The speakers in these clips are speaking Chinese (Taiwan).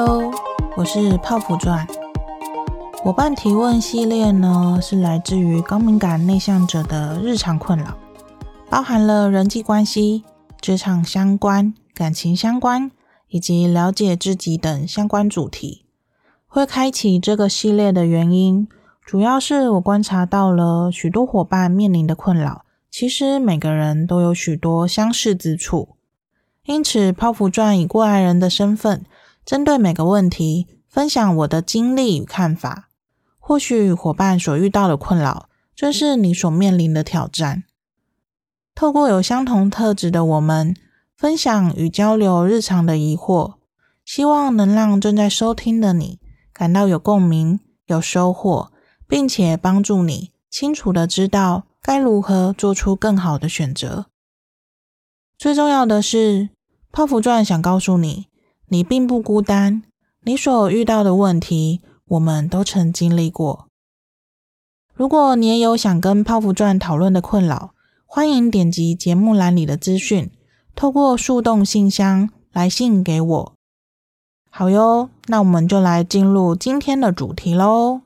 Hello，我是泡芙鑽。夥伴提問系列呢，是來自於高敏感內向者的日常困擾，包含了人際關係、職場相關、感情相關以及了解自己等相關主題。會開啟這個系列的原因，主要是我觀察到了許多夥伴面臨的困擾，其實每個人都有許多相似之處。因此，泡芙鑽以過來人的身份，針對每個問題，分享我的經歷與看法，或許夥伴所遇到的困擾，正是你所面臨的挑戰。透過有相同特質的我們，分享與交流日常的疑惑，希望能讓正在收聽的你感到有共鳴、有收穫，並且幫助你清楚的知道該如何做出更好的選擇。最重要的是，泡芙鑽想告訴你。你並不孤單，你所遇到的問題，我們都曾經歷過。如果你也有想跟泡芙鑽討，討論的困擾，歡迎點擊節目欄裡的資訊，透過樹洞信箱來信給我。好喲，那我們就來進入今天的主題嘍。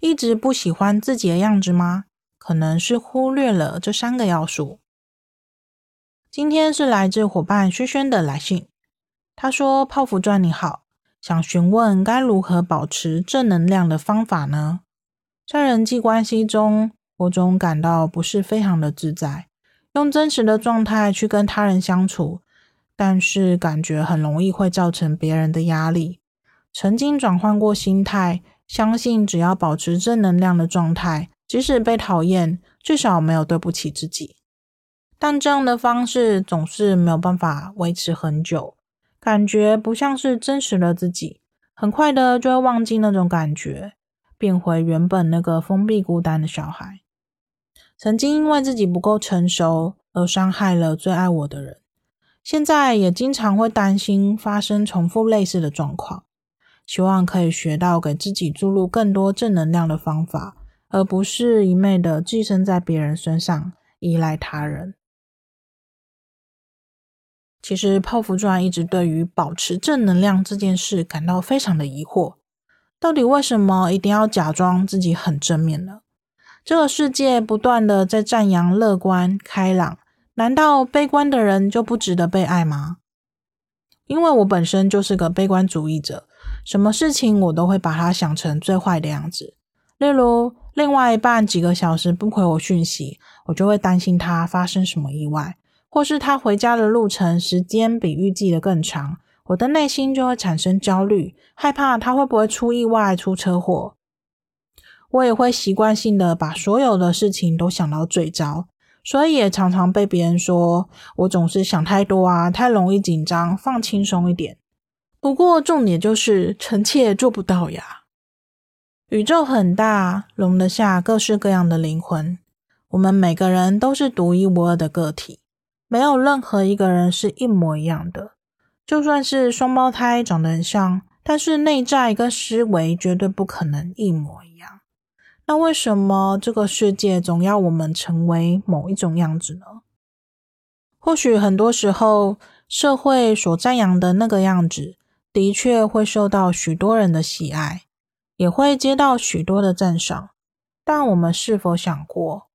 一直不喜歡自己的樣子嗎？可能是忽略了這三個要素。今天是來自夥伴瑄瑄的來信。他說：“泡芙鑽你好，想詢問該如何保持正能量的方法呢？在人際關係中，我總感到不是非常的自在，用真實的狀態去跟他人相處，但是感覺很容易會造成別人的壓力。曾經轉換過心態，相信只要保持正能量的狀態，即使被討厭，至少沒有對不起自己。但這樣的方式總是沒有辦法維持很久。”感覺不像是真實的自己，很快的就會忘記那種感覺，變回原本那個封閉孤單的小孩。曾經因為自己不夠成熟而傷害了最愛我的人，現在也經常會擔心發生重複類似的狀況。希望可以學到給自己注入更多正能量的方法，而不是一味的寄生在別人身上，依賴他人。其實泡芙鑽一直對於保持正能量這件事感到非常的疑惑，到底為什麼一定要假裝自己很正面呢？這個世界不斷的在讚揚樂觀、開朗，難道悲觀的人就不值得被愛嗎？因為我本身就是個悲觀主義者，什麼事情我都會把它想成最壞的樣子。例如，另外一半幾個小時不回我訊息，我就會擔心他發生什麼意外。或是他回家的路程時間比預計的更長，我的內心就會產生焦慮，害怕他會不會出意外、出車禍。我也會習慣性的把所有的事情都想到最糟，所以也常常被別人說我總是想太多啊，太容易緊張，放輕鬆一點。不過重點就是，臣妾做不到呀。宇宙很大，容得下各式各樣的靈魂，我們每個人都是獨一無二的個體。沒有任何一個人是一模一樣的，就算是雙胞胎長得很像，但是內在跟思維絕對不可能一模一樣。那為什麼這個世界總要我們成為某一種樣子呢？或許很多時候，社會所讚揚的那個樣子，的確會受到許多人的喜愛，也會接到許多的讚賞。但我們是否想過？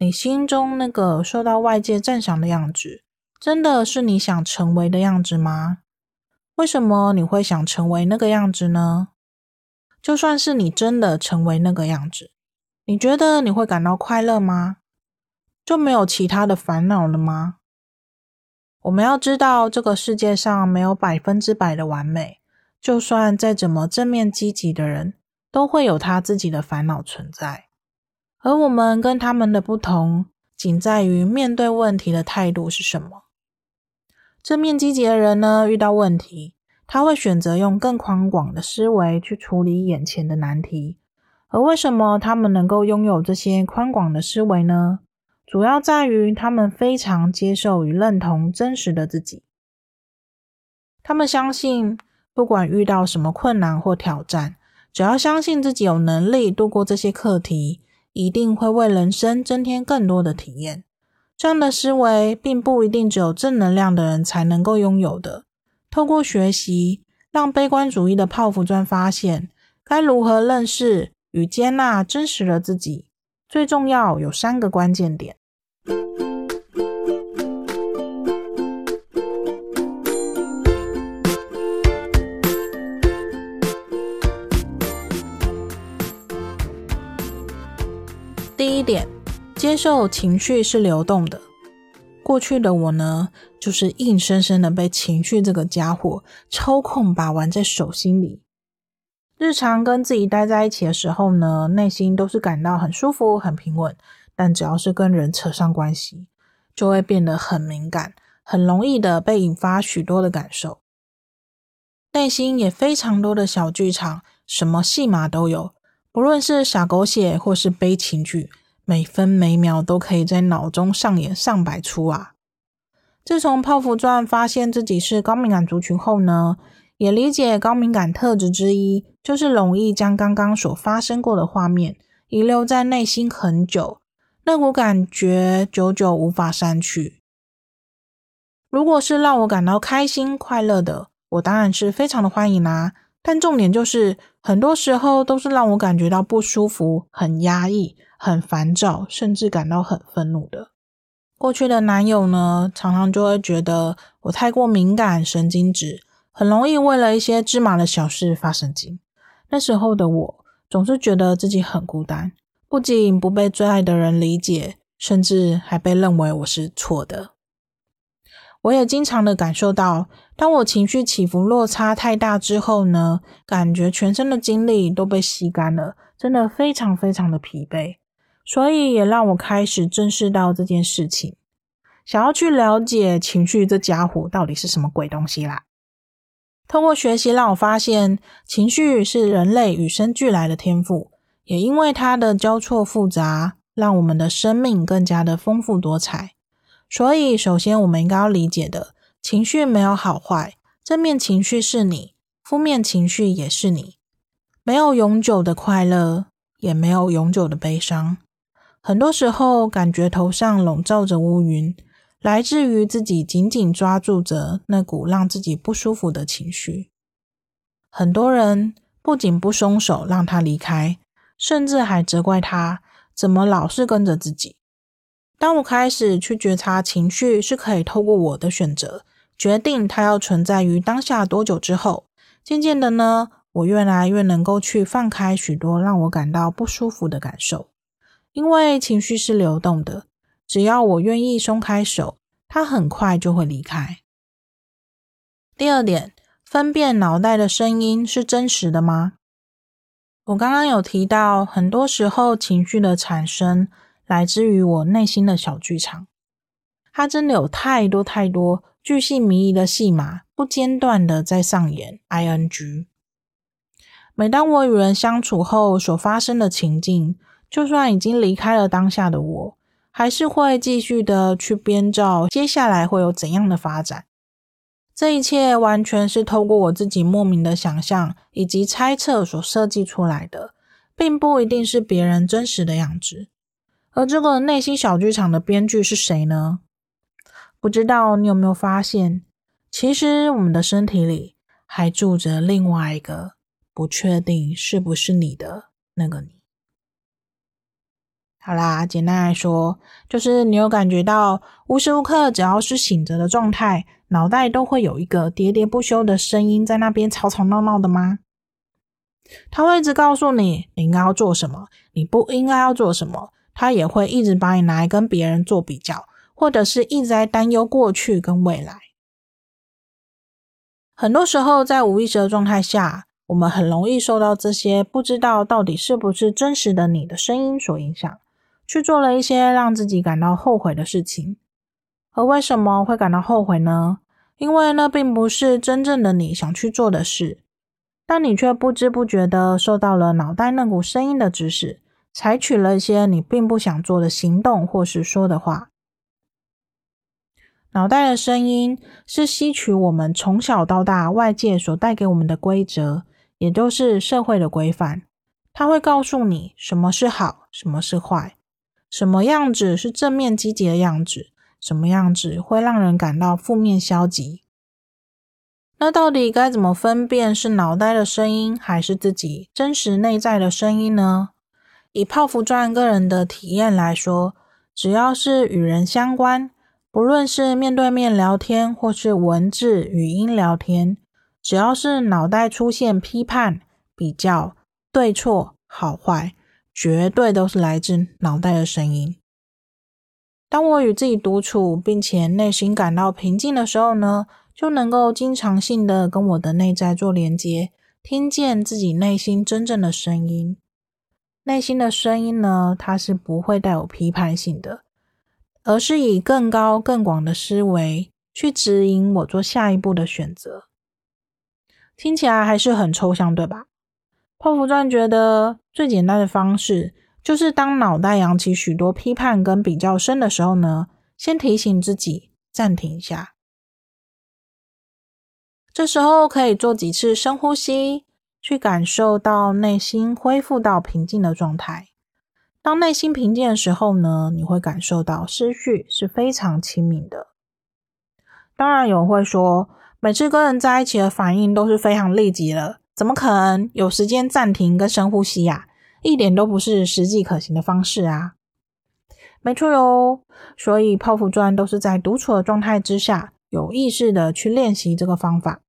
你心中那個受到外界讚賞的樣子，真的是你想成為的樣子嗎？為什麼你會想成為那個樣子呢？就算是你真的成為那個樣子，你覺得你會感到快樂嗎？就沒有其他的煩惱了嗎？我們要知道，這個世界上沒有百分之百的完美，就算再怎麼正面積極的人，都會有他自己的煩惱存在。而我們跟他們的不同，僅在於面對問題的態度是什麼。正面積極的人呢，遇到問題，他會選擇用更寬廣的思維去處理眼前的難題。而為什麼他們能夠擁有這些寬廣的思維呢？主要在於他們非常接受與認同真實的自己。他們相信，不管遇到什麼困難或挑戰，只要相信自己有能力度過這些課題。一定會為人生增添更多的體驗。這樣的思維並不一定只有正能量的人才能夠擁有的。透過學習，讓悲觀主義的泡芙鑽發現該如何認識與接納真實的自己。最重要有三個關鍵點。一點，接受情緒是流動的。過去的我呢，就是硬生生的被情緒這個家伙抽空把玩在手心裡。日常跟自己待在一起的時候呢，內心都是感到很舒服、很平穩。但只要是跟人扯上關係，就會變得很敏感，很容易的被引發許多的感受。內心也非常多的小劇場，什麼戲碼都有，不論是傻狗血或是悲情劇。每分每秒都可以在腦中上演上百出啊！自從泡芙鑽發現自己是高敏感族群後呢，也理解高敏感特質之一就是容易將剛剛所發生過的畫面遺留在內心很久，那股感覺久久無法散去。如果是讓我感到開心快樂的，我當然是非常的歡迎啦、啊。但重點就是。很多時候都是讓我感覺到不舒服、很壓抑、很煩躁，甚至感到很憤怒的。過去的男友呢，常常就會覺得我太過敏感、神經質，很容易為了一些芝麻的小事發神經。那時候的我，總是覺得自己很孤單，不僅不被最愛的人理解，甚至還被認為我是錯的。我也經常的感受到，當我情緒起伏落差太大之後呢，感覺全身的精力都被吸乾了，真的非常非常的疲憊。所以也讓我開始正視到這件事情，想要去了解情緒這家伙到底是什麼鬼東西啦。透過學習，讓我發現，情緒是人類與生俱來的天賦，也因為它的交錯複雜，讓我們的生命更加的豐富多彩。所以，首先我們應該要理解的，情緒沒有好壞，正面情緒是你，負面情緒也是你。沒有永久的快樂，也沒有永久的悲傷。很多時候，感覺頭上籠罩着烏雲，來自於自己緊緊抓住着那股讓自己不舒服的情緒。很多人不僅不鬆手讓他離開，甚至還責怪他怎麼老是跟着自己。當我開始去覺察情緒，是可以透過我的選擇，決定它要存在於當下多久之後。漸漸的呢，我越來越能夠去放開許多讓我感到不舒服的感受，因為情緒是流動的，只要我願意鬆開手，它很快就會離開。第二點，分辨腦袋的聲音是真實的嗎？我剛剛有提到，很多時候情緒的產生，來自於我內心的小劇場，它真的有太多太多巨細靡遺的戲碼，不間斷的在上演。ING。每當我與人相處後所發生的情境，就算已經離開了當下的我，還是會繼續的去編造接下來會有怎樣的發展。這一切完全是透過我自己莫名的想象以及猜測所設計出來的，並不一定是別人真實的樣子。而這個內心小劇場的編劇是誰呢？不知道你有沒有發現，其實我們的身體裡還住着另外一個不確定是不是你的那個你。好啦，簡單來說，就是你有感覺到無時無刻只要是醒着的狀態，腦袋都會有一個喋喋不休的聲音在那邊吵吵鬧鬧的嗎？他會一直告訴你，你應該要做什麼，你不應該要做什麼。他也會一直把你拿來跟別人做比較，或者是一直在擔憂過去跟未來。很多時候，在無意識的狀態下，我們很容易受到這些不知道到底是不是真實的你的聲音所影響，去做了一些讓自己感到後悔的事情。而為什麼會感到後悔呢？因為那並不是真正的你想去做的事，但你卻不知不覺的受到了腦袋那股聲音的指使。採取了一些你並不想做的行動，或是說的話。腦袋的聲音是吸取我們從小到大外界所帶給我們的規則，也就是社會的規範。它會告訴你什麼是好，什麼是壞，什麼樣子是正面積極的樣子，什麼樣子會讓人感到負面消極。那到底該怎麼分辨是腦袋的聲音，還是自己真實內在的聲音呢？以泡芙鑽個人的體驗來說，只要是與人相關，不論是面對面聊天或是文字、語音聊天，只要是腦袋出現批判、比較、對錯、好壞，絕對都是來自腦袋的聲音。當我與自己獨處，並且內心感到平靜的時候呢，就能夠經常性的跟我的內在做連接，聽見自己內心真正的聲音。內心的聲音呢，它是不會帶有批判性的，而是以更高、更廣的思維去指引我做下一步的選擇。聽起來還是很抽象，對吧？泡芙鑽覺得最簡單的方式，就是當腦袋揚起許多批判跟比較深的時候呢，先提醒自己暫停一下。這時候可以做幾次深呼吸。去感受到內心恢復到平靜的狀態。當內心平靜的時候呢，你會感受到思緒是非常清明的。當然有人會說，每次跟人在一起的反應都是非常立即的，怎麼可能有時間暫停跟深呼吸呀、啊？一點都不是實際可行的方式啊。沒錯喲，所以泡芙鑽都是在獨處的狀態之下，有意識的去練習這個方法。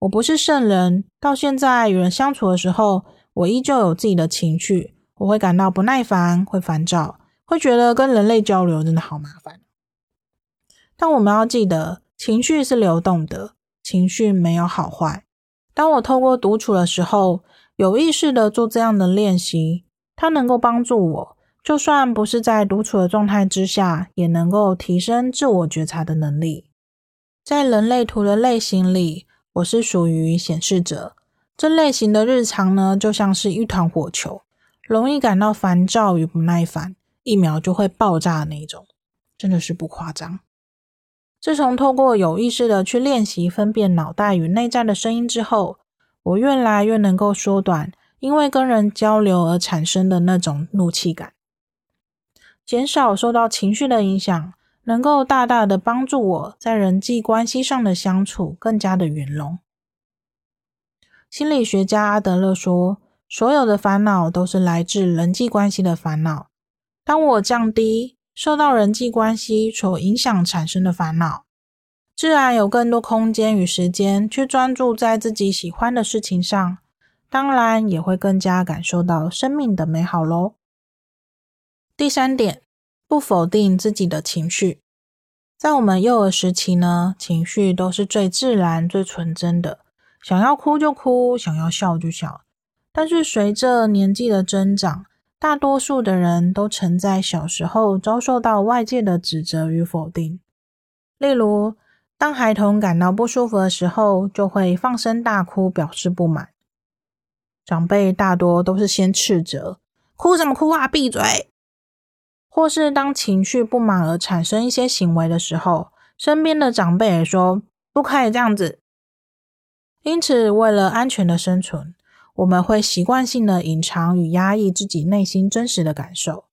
我不是聖人，到現在與人相處的時候，我依舊有自己的情緒，我會感到不耐煩，會煩躁，會覺得跟人類交流真的好麻煩。但我們要記得，情緒是流動的，情緒沒有好壞。當我透過獨處的時候，有意識的做這樣的練習，它能夠幫助我，就算不是在獨處的狀態之下，也能夠提升自我覺察的能力。在人類圖的類型裡，我是屬於顯示者，這類型的日常呢，就像是一團火球，容易感到煩躁與不耐煩，一秒就會爆炸的那種，真的是不誇張。自從透過有意識的去練習分辨腦袋與內在的聲音之後，我越來越能夠縮短因為跟人交流而產生的那種怒氣感，減少受到情緒的影響，能夠大大的幫助我在人際關係上的相處更加的圓融。心理學家阿德勒說：“所有的煩惱都是來自人際關係的煩惱。”當我降低受到人際關係所影響產生的煩惱，自然有更多空間與時間去專注在自己喜歡的事情上，當然也會更加感受到生命的美好嘍。第三點。不否定自己的情緒，在我們幼兒時期呢，情緒都是最自然、最純真的，想要哭就哭，想要笑就笑。但是隨着年紀的增長，大多數的人都曾在小時候遭受到外界的指責與否定。例如，當孩童感到不舒服的時候，就會放聲大哭表示不滿，長輩大多都是先斥責：“哭什麼哭啊，閉嘴！”或是當情緒不滿而產生一些行為的時候，身邊的長輩也說不可以這樣子。因此，為了安全的生存，我們會習慣性的隱藏與壓抑自己內心真實的感受。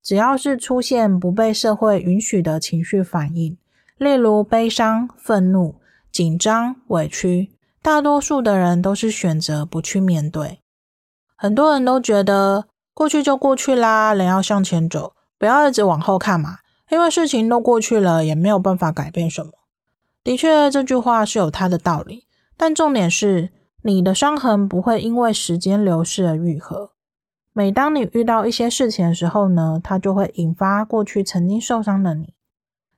只要是出現不被社會允許的情緒反應，例如悲傷、憤怒、緊張、委屈，大多數的人都是選擇不去面對。很多人都覺得過去就過去啦，人要向前走。不要一直往後看嘛，因為事情都過去了，也沒有辦法改變什麼。的確，這句話是有它的道理，但重點是，你的傷痕不會因為時間流逝而愈合。每當你遇到一些事情的時候呢，它就會引發過去曾經受傷的你，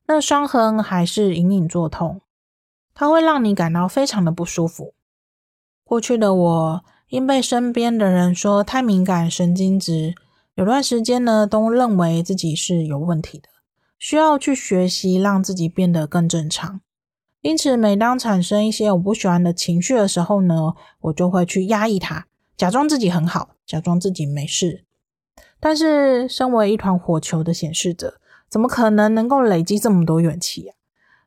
那傷痕還是隱隱作痛，它會讓你感到非常的不舒服。過去的我，因被身邊的人說太敏感、神經質。有段時間呢，都認為自己是有問題的，需要去學習讓自己變得更正常。因此，每當產生一些我不喜歡的情緒的時候呢，我就會去壓抑它，假裝自己很好，假裝自己沒事。但是，身為一團火球的顯示者，怎麼可能能夠累積這麼多怨氣啊？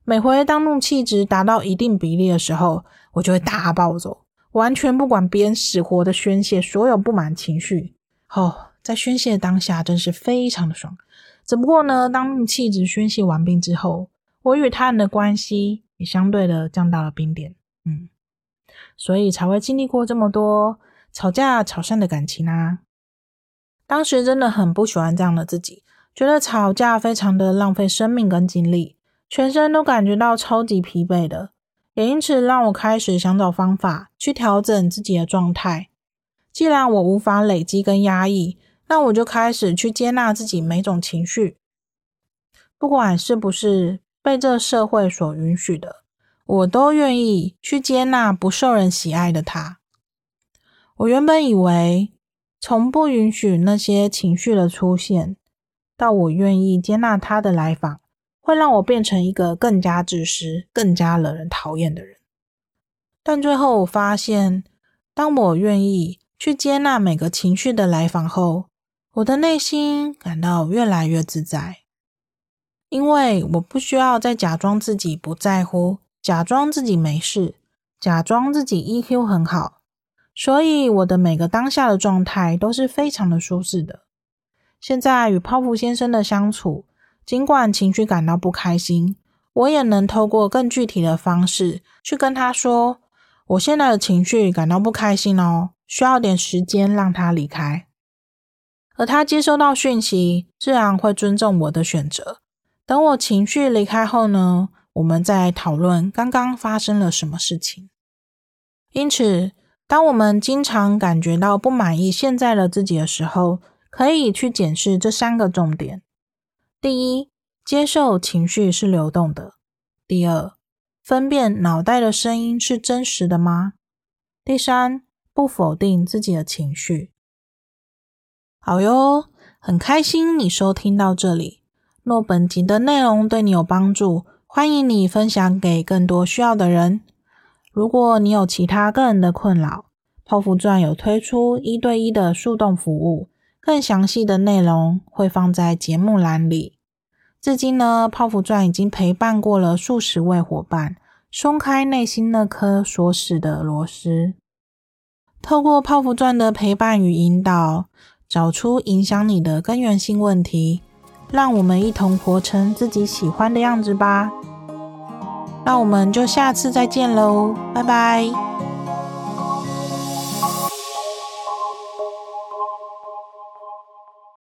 每回當怒氣值達到一定比例的時候，我就會大暴走，完全不管別人死活的宣泄所有不滿情緒。哦。在宣洩的當下，真是非常的爽。只不過呢，當你氣質宣洩完畢之後，我與他人的關係也相對的降到了冰點。嗯，所以才會經歷過這麼多吵架、吵散的感情啊。當時真的很不喜歡這樣的自己，覺得吵架非常的浪費生命跟精力，全身都感覺到超級疲憊的，也因此讓我開始想找方法去調整自己的狀態。既然我無法累積跟壓抑，那我就開始去接納自己每種情緒，不管是不是被這社會所允許的，我都願意去接納不受人喜愛的他。我原本以為，從不允許那些情緒的出現，到我願意接納他的來訪，會讓我變成一個更加自私、更加惹人討厭的人。但最後我發現，當我願意去接納每個情緒的來訪後，我的內心感到越來越自在，因為我不需要再假裝自己不在乎，假裝自己沒事，假裝自己 EQ 很好，所以我的每個當下的狀態都是非常的舒適的。現在與泡芙先生的相處，儘管情緒感到不開心，我也能透過更具體的方式去跟他說，我現在的情緒感到不開心哦，需要點時間讓他離開。而他接收到訊息，自然會尊重我的選擇。等我情緒離開後呢，我們再討論剛剛發生了什麼事情。因此，當我們經常感覺到不滿意現在的自己的時候，可以去檢視這三個重點。第一，接受情緒是流動的；第二，分辨腦袋的聲音是真實的嗎？第三，不否定自己的情緒。好喲，很開心你收聽到這裡。若本集的內容對你有幫助，歡迎你分享給更多需要的人。如果你有其他個人的困擾，泡芙鑽有推出一對一的樹洞服務，更詳細的內容會放在節目欄裡。至今呢，泡芙鑽已經陪伴過了數十位夥伴，鬆開內心那顆鎖死的螺絲。透過泡芙鑽的陪伴與引導，找出影響你的根源性問題，讓我們一同活成自己喜歡的樣子吧。那我們就下次再見嘍，拜拜。